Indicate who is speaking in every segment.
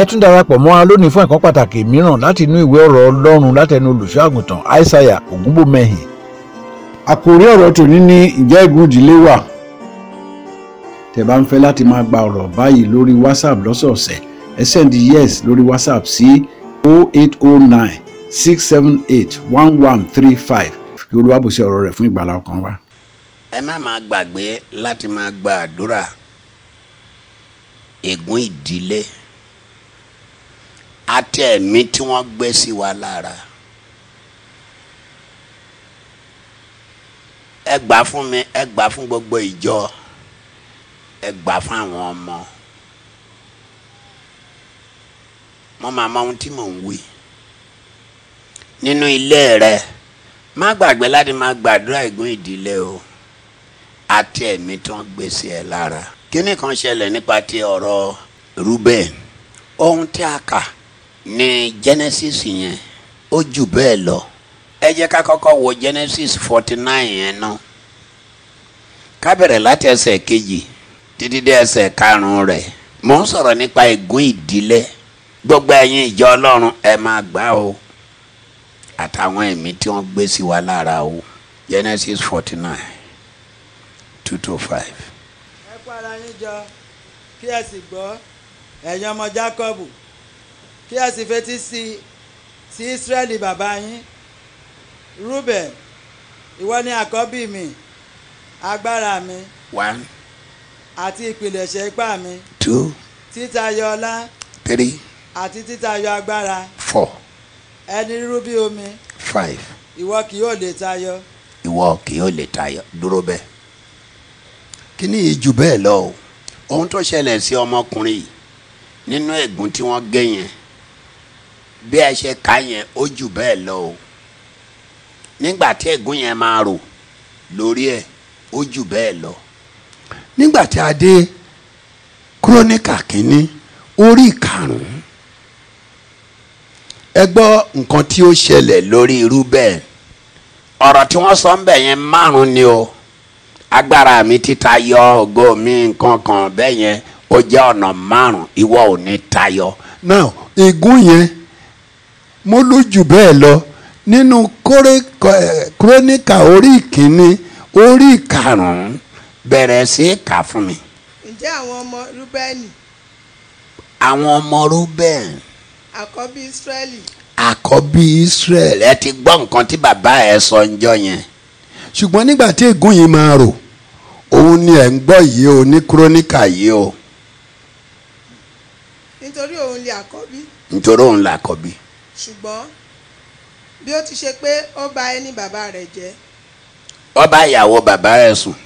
Speaker 1: ẹ tún darapọ̀ mọ́ a lónìí fún ẹ̀kọ́ pàtàkì mìíràn láti inú ìwé ọ̀rọ̀ ọlọ́run látẹnu olùṣọ́àgùntàn aishaiya ògúnbòmẹ́hìn. àkòrí ọ̀rọ̀ tòní ni ǹjẹ́ ègún ìdílé wà. tẹ́ bá ń fẹ́ láti máa gba ọ̀rọ̀ báyìí lórí whatsapp lọ́sọ̀ọ̀sẹ̀ ẹ send yes lórí whatsapp sí 0809 678 1135 kí olúwa bùsẹ̀ ọ̀rọ̀ rẹ̀ fún ìgbàlá ọkàn wa.
Speaker 2: ẹ má máa gbàgbé láti máa gba àdúrà ègún ìdílé àti ẹ̀mí tí wọ́n gbé sí wa lára. ẹ gbà fún mi ẹ gbà fún gbogbo ìjọ ẹ gbà fún àwọn ọmọ mo máa mọ ohun tí mò ń wí nínú ilé rẹ má gbàgbé láti máa gbàdúrà ìgún ìdílé o àti ẹ̀mí tó ń gbèsè ẹ lára kíní kan ṣẹlẹ̀ nípa ti ọ̀rọ̀ Rúbẹ́n ohun tí a kà ní Genesis yẹn ó jù bẹ́ẹ̀ lọ ẹ jẹ́ ká kọ́kọ́ wo Genesis forty nine yẹn náà ká bẹ̀rẹ̀ láti ẹsẹ̀ kejì títí dé ẹsẹ̀ karùn-ún rẹ̀ mò ń sọ̀rọ̀ nípa ègún ìdílé gbogbo ẹ̀yin ìjọ Ọlọ́run ẹ máa gbà o àtàwọn ẹ̀mí tí wọ́n gbé sí wa lára o Genesis forty nine two to five. ẹ
Speaker 3: pa ara yín jọ kí ẹ sì gbọ́ ẹ̀yin ọmọ Jákọ́bù kí ẹ sì fetí sí sí Ísírẹ́lì bàbá yín Rúbẹ̀ ìwọ ni àkọ́bí mi agbára mi. one. àti ìpilẹ̀ṣẹ̀ ipá mi. two. títayọ ọlá. three. àti títayọ agbára. four. ẹni rírú bí omi. five. ìwọ kì yóò lè tayọ.
Speaker 2: ìwọ kì yóò lè tayọ dúró bẹ́ẹ̀. kíní yìí jù bẹ́ẹ̀ lọ ohun tó ṣẹlẹ̀ sí ọmọkùnrin yìí nínú ẹ̀gún tí wọ́n gé yẹn bí ẹ ṣe ka yẹn ó jù bẹ́ẹ̀ lọ o nígbà tí ègún yẹn máa rò lórí ẹ ó jù bẹ́ẹ̀ lọ. nígbà tí a dé kúrónìkà kínní orí ìkarùn-ún ẹ gbọ́ nǹkan tí ó ṣẹlẹ̀ lórí irú bẹ́ẹ̀ ọ̀rọ̀ tí wọ́n sọ ń bẹ̀ yẹn márùn-ún ni o agbára mi ti tayọ ògo mi nǹkan kan bẹ́ẹ̀ yẹn ó jẹ́ ọ̀nà márùn-ún ìwọ ò ní tayọ. now ègún yẹn mo lù jù bẹ́ẹ̀ lọ nínú kúrónìkà eh, orí ìkíní orí ìkarùn-ún bẹ̀rẹ̀ sí kà fún mi.
Speaker 3: ǹjẹ́ àwọn ọmọ rúbẹ́nì.
Speaker 2: àwọn ọmọ rúbẹ́nì.
Speaker 3: àkọ́bí ísírẹ́lì.
Speaker 2: àkọ́bí ísírẹ́lì ẹ ti gbọ́ nǹkan tí bàbá ẹ sọ ńjọ́ yẹn. ṣùgbọ́n nígbà tí ègún yìí máa rò òun ni ẹ̀ ń gbọ́ yìí o ní kúrónìkà yìí o. nítorí òun lè àkọ́bí. nítorí òun lè àkọ́bí
Speaker 3: ṣùgbọ́n bí ó ti ṣe pé ó bà ẹni bàbá rẹ̀ jẹ́. ó bá ìyàwó
Speaker 2: bàbá rẹ̀ sùn.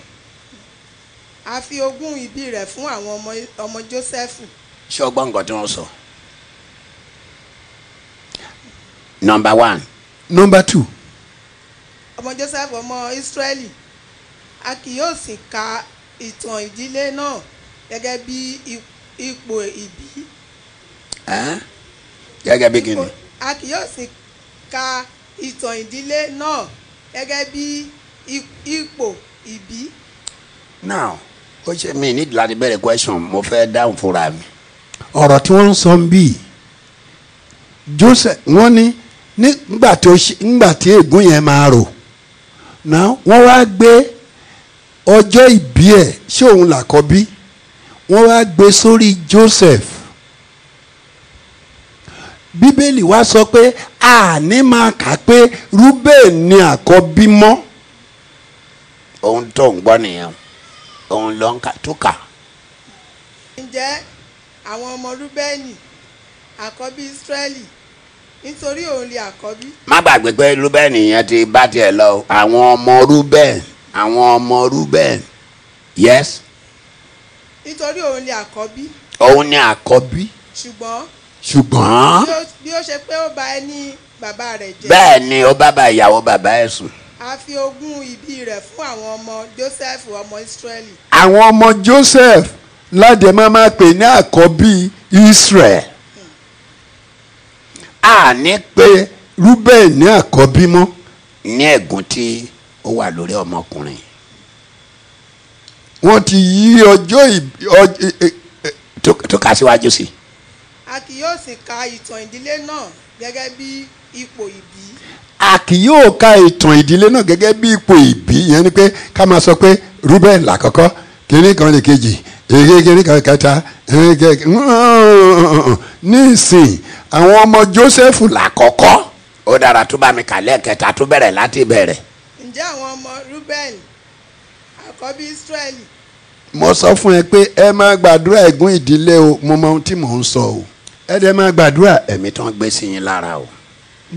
Speaker 3: a fi ogún ìbí rẹ̀ fún àwọn ọmọ Jósẹ́fù.
Speaker 2: ṣé o gbọ́ nǹkan tí wọ́n sọ. number one. number two.
Speaker 3: ọmọ Jósẹ́fù ọmọ Ísírẹ́lì a kì yóò sì ka ìtàn ìdílé náà gẹ́gẹ́ bí ipò ìbí. gẹ́gẹ́ bí kí a kì yóò sì ka ìtàn ìdílé náà gẹ́gẹ́ bí ipò ìbí.
Speaker 2: now ó ṣe mí nídìí láti bẹ̀rẹ̀ question mo fẹ́ dáhùn fúnra mi. ọ̀rọ̀ tí wọ́n ń sọ ń Joseph wọ́n ní nígbà tó nígbà tí ègún yẹn máa rò náà wọ́n wá gbé ọjọ́ ìbí ẹ̀ ṣé òun làkọ́bí wọ́n wá gbé sórí Joseph bíbélì wá sọ pé àní máa kà pé Rúbẹ́nì ni àkọ́bí mọ́ ohun tó ń gbọ́ nìyẹn òun ló ń kà tó kà.
Speaker 3: ǹjẹ́ àwọn ọmọ Rúbẹ́nì àkọ́bí Ísírẹ́lì nítorí
Speaker 2: òun lè àkọ́bí. má gbàgbé pé Rúbẹ́nì yẹn ti bá tiẹ̀ lọ àwọn ọmọ Rúbẹ́nì àwọn ọmọ Rúbẹ́nì yes.
Speaker 3: nítorí òun lè àkọ́bí.
Speaker 2: òun ni àkọ́bí. ṣùgbọ́n ṣùgbọ́n.
Speaker 3: bí ó ṣe pé ó bà ẹni
Speaker 2: bàbá rẹ̀ jẹ́. bẹ́ẹ̀ ni ó bá bá ìyàwó bàbá ẹ̀ sùn. a fi ogún ìbí rẹ̀ fún àwọn ọmọ Joseph ọmọ Israẹli. àwọn ọmọ Joseph ládẹ máa máa pè ní àkọ́bí Israel a ní pé Rúbẹ́n ní àkọ́bí mọ́ ní ẹ̀gún tí ó wà lórí ọmọkùnrin wọ́n ti yí ọjọ́ tó kà síwájú sí i
Speaker 3: a kì yóò sì ka ìtàn ìdílé náà gẹ́gẹ́ bí ipò
Speaker 2: ìbí. a kì yóò ka ìtàn ìdílé náà gẹ́gẹ́ bí ipò ìbí yẹn ni pé ká máa sọ pé Reuben làkọ́kọ́ kínní kan lè kejì èyí kínní kan kẹta èyí kẹkẹ nísìn àwọn ọmọ Joseph làkọ́kọ́ ó dára tó bá mi kà lẹ́ẹ̀kẹta tó bẹ̀rẹ̀ láti bẹ̀rẹ̀. ǹjẹ́ àwọn ọmọ Reuben àkọ́bí Israẹli. mo sọ fún ẹ pé ẹ máa gbàdúrà ègún ìdílé o mo mọ ohun tí mò ń sọ o ẹ dẹ̀ máa gbàdúrà ẹ̀mí tán gbé sí yín lára o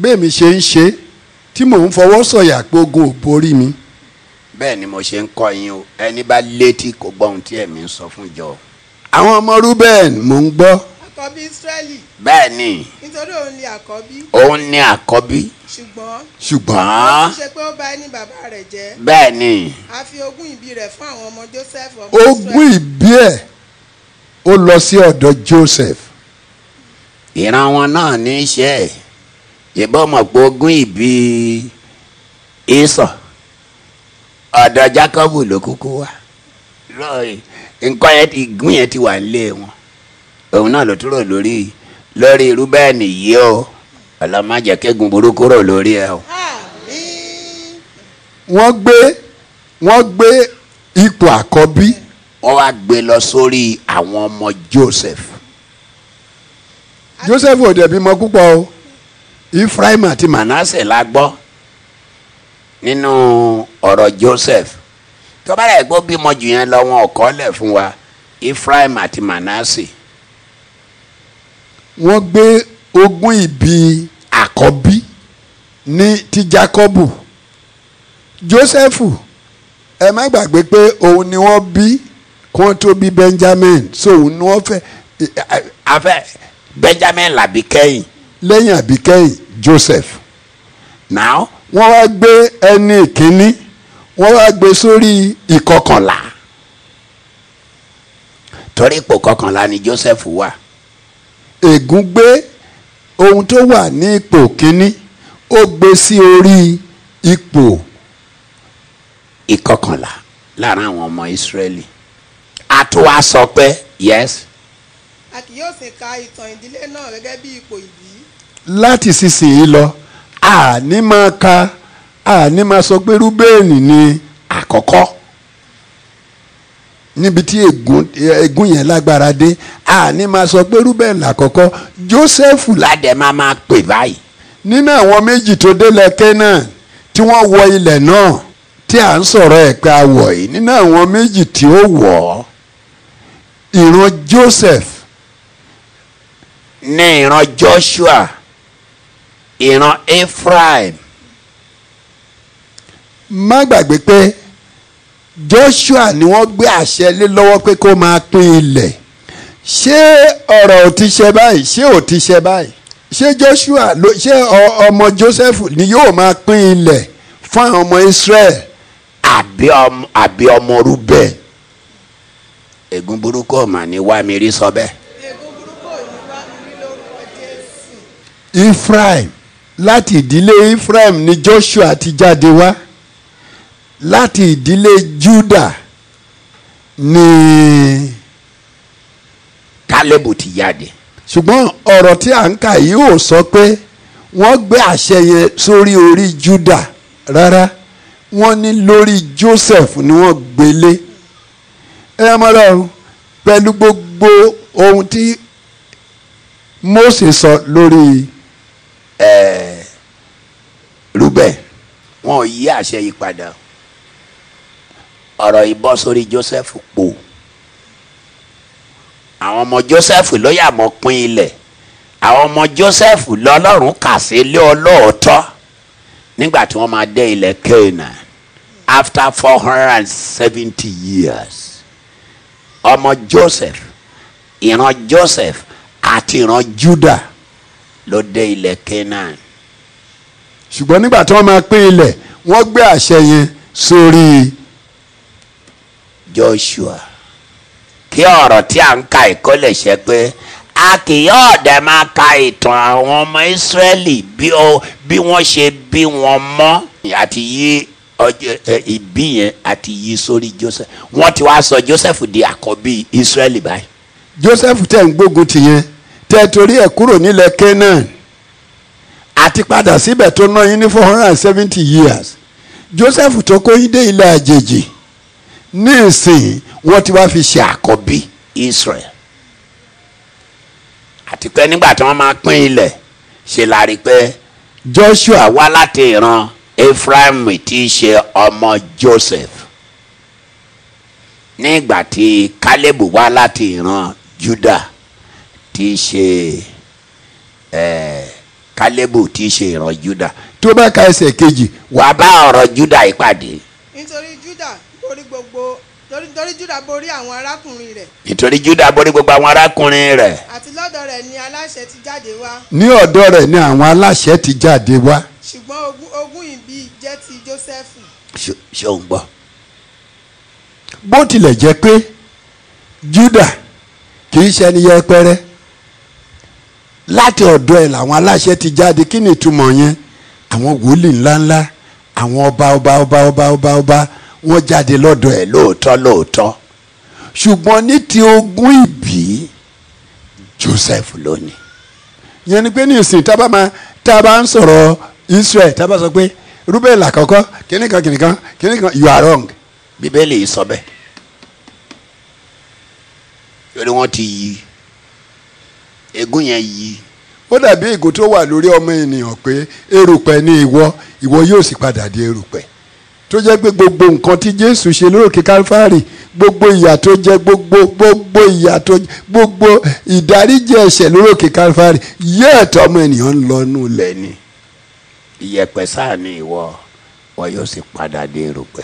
Speaker 2: bẹ́ẹ̀ mi ṣe ń ṣe tí mò ń fọwọ́ sọ̀yà pé ogun ò borí mi bẹ́ẹ̀ ni mo ṣe ń kọ́ yín o ẹni bá létí kò gbọ́ ohun tí ẹ̀mí ń sọ fún jọ. àwọn ọmọ Rúbẹ́n mò ń gbọ́. àkọ́bí Ísírẹ́lì. bẹ́ẹ̀ ni. nítorí òun ni àkọ́bí. òun ni àkọ́bí. ṣùgbọ́n. ṣùgbọ́n. ó ṣe pé ó bà ẹni bàbá rẹ̀ jẹ́. bẹ́ẹ̀ ni. a fi ogún ìbí rẹ̀ fún àwọn ọmọ Joseph ọmọ Ísírẹ́lì. ogún ìbí ẹ̀ ó lọ sí ọ̀dọ̀ Joseph ìran wọn náà ní í ṣe ẹ̀ ìbọn mọ̀pọ̀ ogún ìbí ìsọ̀ ọ̀dọ̀ Jákọ́bù ló kúkú wá nǹkan yẹn ti gún yẹn ti wà nílé wọn òun náà ló túrò lórí lórí irú bẹ́ẹ̀ nìyí o ọlọ́mọdé kẹ́gun burúkú rò lórí ẹ o. wọ́n gbé wọ́n gbé ipò àkọ́bí. wọ́n wá gbé lọ sórí àwọn ọmọ Joseph. Joseph ò dẹ̀ bímọ púpọ̀ o Ephraim àti Manasseh la gbọ́ nínú ọ̀rọ̀ Joseph tó bá dẹ̀ gbọ́ bímọ jù yẹn lọ wọn ò kọ́lẹ̀ fún wa Ephraim àti Manasseh. wọ́n gbé ogún ìbí àkọ́bí ní ti Jákọ́bù Joseph ẹ má gbàgbé pé òun ni wọ́n bí kí wọ́n tó bí Benjamin so òun ni wọ́n fẹ́ benjamin labikẹyin. lẹ́yìn abikẹyin joseph. now wọ́n wá gbé ẹni ìkíní wọ́n wá gbé sórí ìkọkànlá torí ipò kọkànlá ni joseph wà. ègún gbé ohun tó wà ní ipò kíní ó gbé sí orí ipò ìkọkànlá lára àwọn ọmọ ìsírẹ́lì àtúwà sọ pé
Speaker 3: yes a kì yóò sì ka ìtàn ìdílé náà gẹ́gẹ́ bí ipò ìbí.
Speaker 2: láti sísìn yìí lọ àní máa ka àní máa sọ pé rúbẹ́ẹ̀nì ni àkọ́kọ́ níbi tí ègún yẹn lágbára dé àní máa sọ pé rúbẹ́ẹ̀nì àkọ́kọ́ jósẹ́fù ládẹ máa máa pè báyìí nínú àwọn méjì tó délẹ̀ Kénáánì tí wọ́n wọ ilẹ̀ náà tí à ń sọ̀rọ̀ ẹ̀ka wọ̀ nínú àwọn méjì tí ó wọ̀ ọ́ ìran Joseph ní ìran Joshua ìran Ephraim. má gbàgbé pé Joshua ni wọ́n gbé àṣẹ lé lọ́wọ́ pé kó máa pín ilẹ̀ ṣé ọ̀rọ̀ ò ti ṣe báyìí ṣé ò ti ṣe báyìí ṣé Joshua ṣé ọmọ Joseph ni yóò máa pín ilẹ̀ fún àwọn ọmọ Israel àbí ọmọ àbí ọmọ Rúbẹ̀ ègún burúkú ọ̀mà ni wàá rí sọ bẹ́ẹ̀. Ephraim láti ìdílé Ephraim ni Joshua ti jáde wá láti ìdílé Juda ni Kálẹ́bù ti jáde. ṣùgbọ́n ọ̀rọ̀ tí à ń kà yìí ò sọ pé wọ́n gbé àṣẹ yẹn sórí orí Juda rárá wọ́n ní lórí Joseph ni wọ́n gbélé ẹ mọ́ra o pẹ̀lú gbogbo ohun tí Mósè sọ lórí rúbẹ̀ wọn ò yí àṣẹ yìí padà ọ̀rọ̀ ìbọn sórí Joseph pò àwọn ọmọ Joseph lọ́yà mọ́ pín ilẹ̀ àwọn ọmọ Joseph lọ́lọ́run kà sí ilé ọlọ́ọ̀tọ́ nígbà tí wọ́n máa dé ilẹ̀ Canaan after four hundred and seventy years ọmọ Joseph ìran Joseph àti ìran Judah ló dé ilẹ̀ Canaan. ṣùgbọ́n nígbà tí wọ́n máa pín ilẹ̀ wọ́n gbé àṣẹ yẹn sórí. Joshua kí ọ̀rọ̀ tí a ń ka ìkó lè ṣe pé a kì yóò dẹ̀ máa ka ìtàn àwọn ọmọ Ísírẹ́lì bí wọ́n ṣe bí wọ́n mọ́ àti yí ìbí yẹn àti yí sórí Joseph wọ́n ti wá sọ Joseph di àkọ́bí Israeli báyìí. Joseph tẹ̀ ń gbógun tì tẹ́ torí ẹ̀ kúrò nílẹ̀ Canaan àti padà síbẹ̀ tó ná yín ní four hundred and seventy years Joseph tó kó yín dé ilẹ̀ àjèjì ní ìsìn wọ́n ti wá fi ṣe àkọ́bí Israel àti pé nígbà tí wọ́n máa pín ilẹ̀ ṣe la rí pé Joshua wá láti ìran Ephraim tí í ṣe ọmọ Joseph nígbà tí Caleb wá láti ìran Judah tí í ṣe kálẹ́bù tí í ṣe ìran Júdà tó bá ka ẹsẹ̀ kejì wàá bá ọ̀rọ̀ Júdà ìpàdé. nítorí Júdà borí gbogbo nítorí Júdà borí àwọn arákùnrin rẹ̀. nítorí Júdà borí gbogbo àwọn arákùnrin rẹ̀. àti lọ́dọ̀ rẹ̀ ni aláṣẹ ti jáde wá. ní ọ̀dọ̀ rẹ̀ ni àwọn aláṣẹ ti jáde wá. ṣùgbọ́n ogún ìbí jẹ́ ti Jósẹ́fù. ṣé o gbọ́. bó tilẹ̀ jẹ́ pé Júdà kì í ṣẹni yẹpẹrẹ láti ọ̀dọ̀ ẹ̀ làwọn aláṣẹ ti jáde kí ni ìtumọ̀ yẹn àwọn wòlíì ńláńlá àwọn ọba ọba ọba ọba ọba ọba wọ́n jáde lọ́dọ̀ ẹ̀ lóòótọ́ lóòótọ́ ṣùgbọ́n ní ti ogún ìbí Joseph lónìí yẹn ni pé ní ìsìn tá a bá máa tá a bá ń sọ̀rọ̀ Israel tá a bá sọ pé Rúbẹ́lì àkọ́kọ́ kìnìkan kìnìkan kìnìkan you are wrong bíbélì sọ bẹ́ẹ̀ lórí wọn ti yí ègún yẹn yí. ó dàbí ègún tó wà lórí ọmọ ènìyàn pé erùpẹ̀ ni ìwọ ìwọ yóò sì padà di erùpẹ̀ tó jẹ́ pé gbogbo nǹkan tí Jésù ṣe lóòkè Kálífárì gbogbo ìyà tó jẹ gbogbo gbogbo ìyà tó jẹ gbogbo ìdáríjì ẹ̀ṣẹ̀ lóòkè Kálífárì yẹ ẹ̀tọ́ ọmọ ènìyàn ń lọ nù lẹ̀ ni. ìyẹ̀pẹ̀ sáà ni ìwọ wọn yóò sì padà dé erùpẹ̀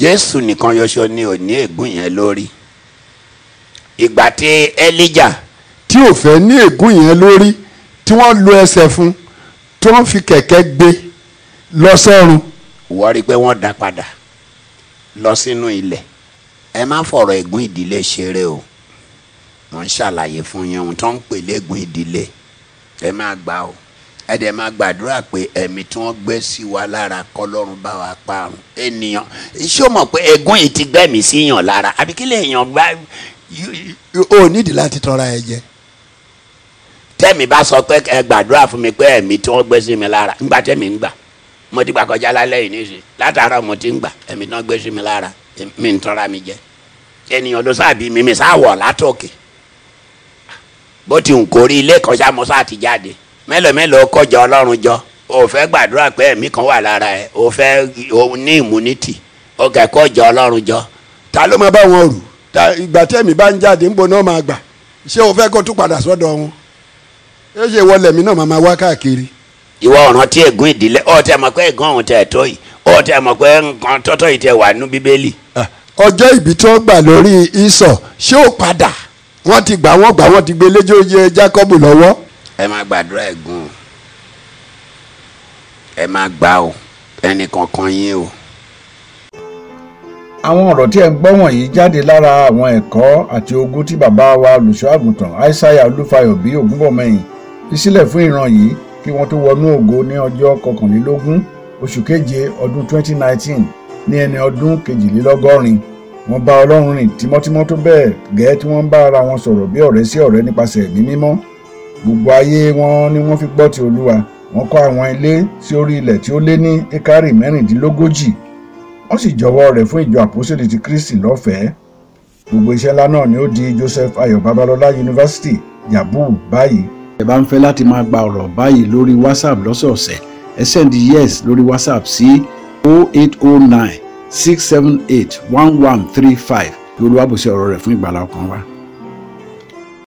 Speaker 2: Jésù nìkan yọṣọ ni ò ní ègún yẹn lórí ìgbà tí Elijah tí ò fẹ́ ní ègún yẹn lórí tí wọ́n lo ẹsẹ̀ fún tí wọ́n fi kẹ̀kẹ́ gbé lọ sọ́run wọ́n rí i pé wọ́n dá padà lọ sínú ilẹ̀ ẹ má fọ̀rọ̀ ègún ìdílé ṣeré o wọ́n ń ṣàlàyé fún yín ohun tó ń pè lẹ́gùn ìdílé ẹ máa gbà o ẹ dẹ̀ máa gbàdúrà pé ẹ̀mí tí wọ́n gbé sí wa lára kọlọ́run bá wa parun ènìyàn ṣé mọ̀ pé ègún yìí ti gbẹ̀mí sí yàn lára àbí kí lè yàn gbá. o ò nídìí láti tọrọ ẹ jẹ tẹ́mi bá sọ pé ẹ gbàdúrà fún mi pé ẹ̀mí tí wọ́n gbé sí mi lára ńgbà tẹ́mi ń gbà mo ti gbà kọjá lálẹ́ yìí látara mo ti ń gbà ẹ̀mí gbé sí mi lára mi ń tọ́ra mi jẹ ènìyàn ló sáwọ̀ látòkè bó ti ń ilé kọjá mo ti jáde mélòó mélòó kọjá ọlọ́run jọ fẹ́ gbàdúrà pé ẹ̀mí kan wà lára ta ló máa bá wọn rù ẹ ṣe wọlé mi náà màmá wá káàkiri. ìwọ ọ̀ràn tí ègún ìdílé ọ̀tí àmọ̀pẹ́ ègún ọ̀hún tẹ̀ tó yìí ọ̀tí àmọ̀pẹ́ nǹkan tọ́tọ́ yìí tẹ̀ wà nú bíbélì. ọjọ́ ìbí tó gbà lórí ìsọ̀ ṣé ó padà wọ́n ti gbà wọ́n gbà wọ́n ti gbé lẹ́jọ́ yẹ Jákọ́bù lọ́wọ́. ẹ máa gbàdúrà ègún ẹ máa gbà o ẹnì kankan yín o.
Speaker 1: àwọn ọ̀rọ̀ tí ẹ̀ ń gbọ́ wọ̀nyí jáde lára àwọn ẹ̀kọ́ àti ogun tí bàbá wa olùṣọ́ àgùntàn Olúfayọ bí Ògúnbọ̀mọyìn fi sílẹ̀ fún ìran yìí kí wọ́n tó wọnú ògo ní ọjọ́ kọkànlélógún oṣù keje ọdún 2019 ní ẹni ọdún kejìlélọ́gọ́rin wọ́n bá ọlọ́run rìn tímọ́tímọ́ tó bẹ́ẹ̀ gẹ́ẹ́ tí wọ́n ń bá ara wọn sọ̀rọ̀ bí ọ̀rẹ́ sí ọ̀rẹ́ nípasẹ̀ ẹ̀mí mímọ́ gbogbo ayé wọn ni wọ́n fi gbọ́ ti olúwa wọ́n kọ́ àwọn ilé sí orí ilẹ̀ tí ó lé ní ekari mẹ́rìndínlógójì wọ́n sì jọ̀wọ́ rẹ̀ fún ìjọ àpòsílẹ̀ ti kristi lọ́fẹ̀ẹ́ gbogbo iṣẹ́ ńlá náà ni ó di joseph ayọ̀ babalọ́lá yunifásitì yabu báyìí ẹ bá ń fẹ́ láti máa gba ọ̀rọ̀ báyìí lórí whatsapp lọ́sọ̀ọ̀sẹ̀ ẹ send yes lórí whatsapp sí 0809 678 1135 lórí wàbùsẹ̀ ọ̀rọ̀ rẹ̀ fún ìgbàlá ọkàn wa.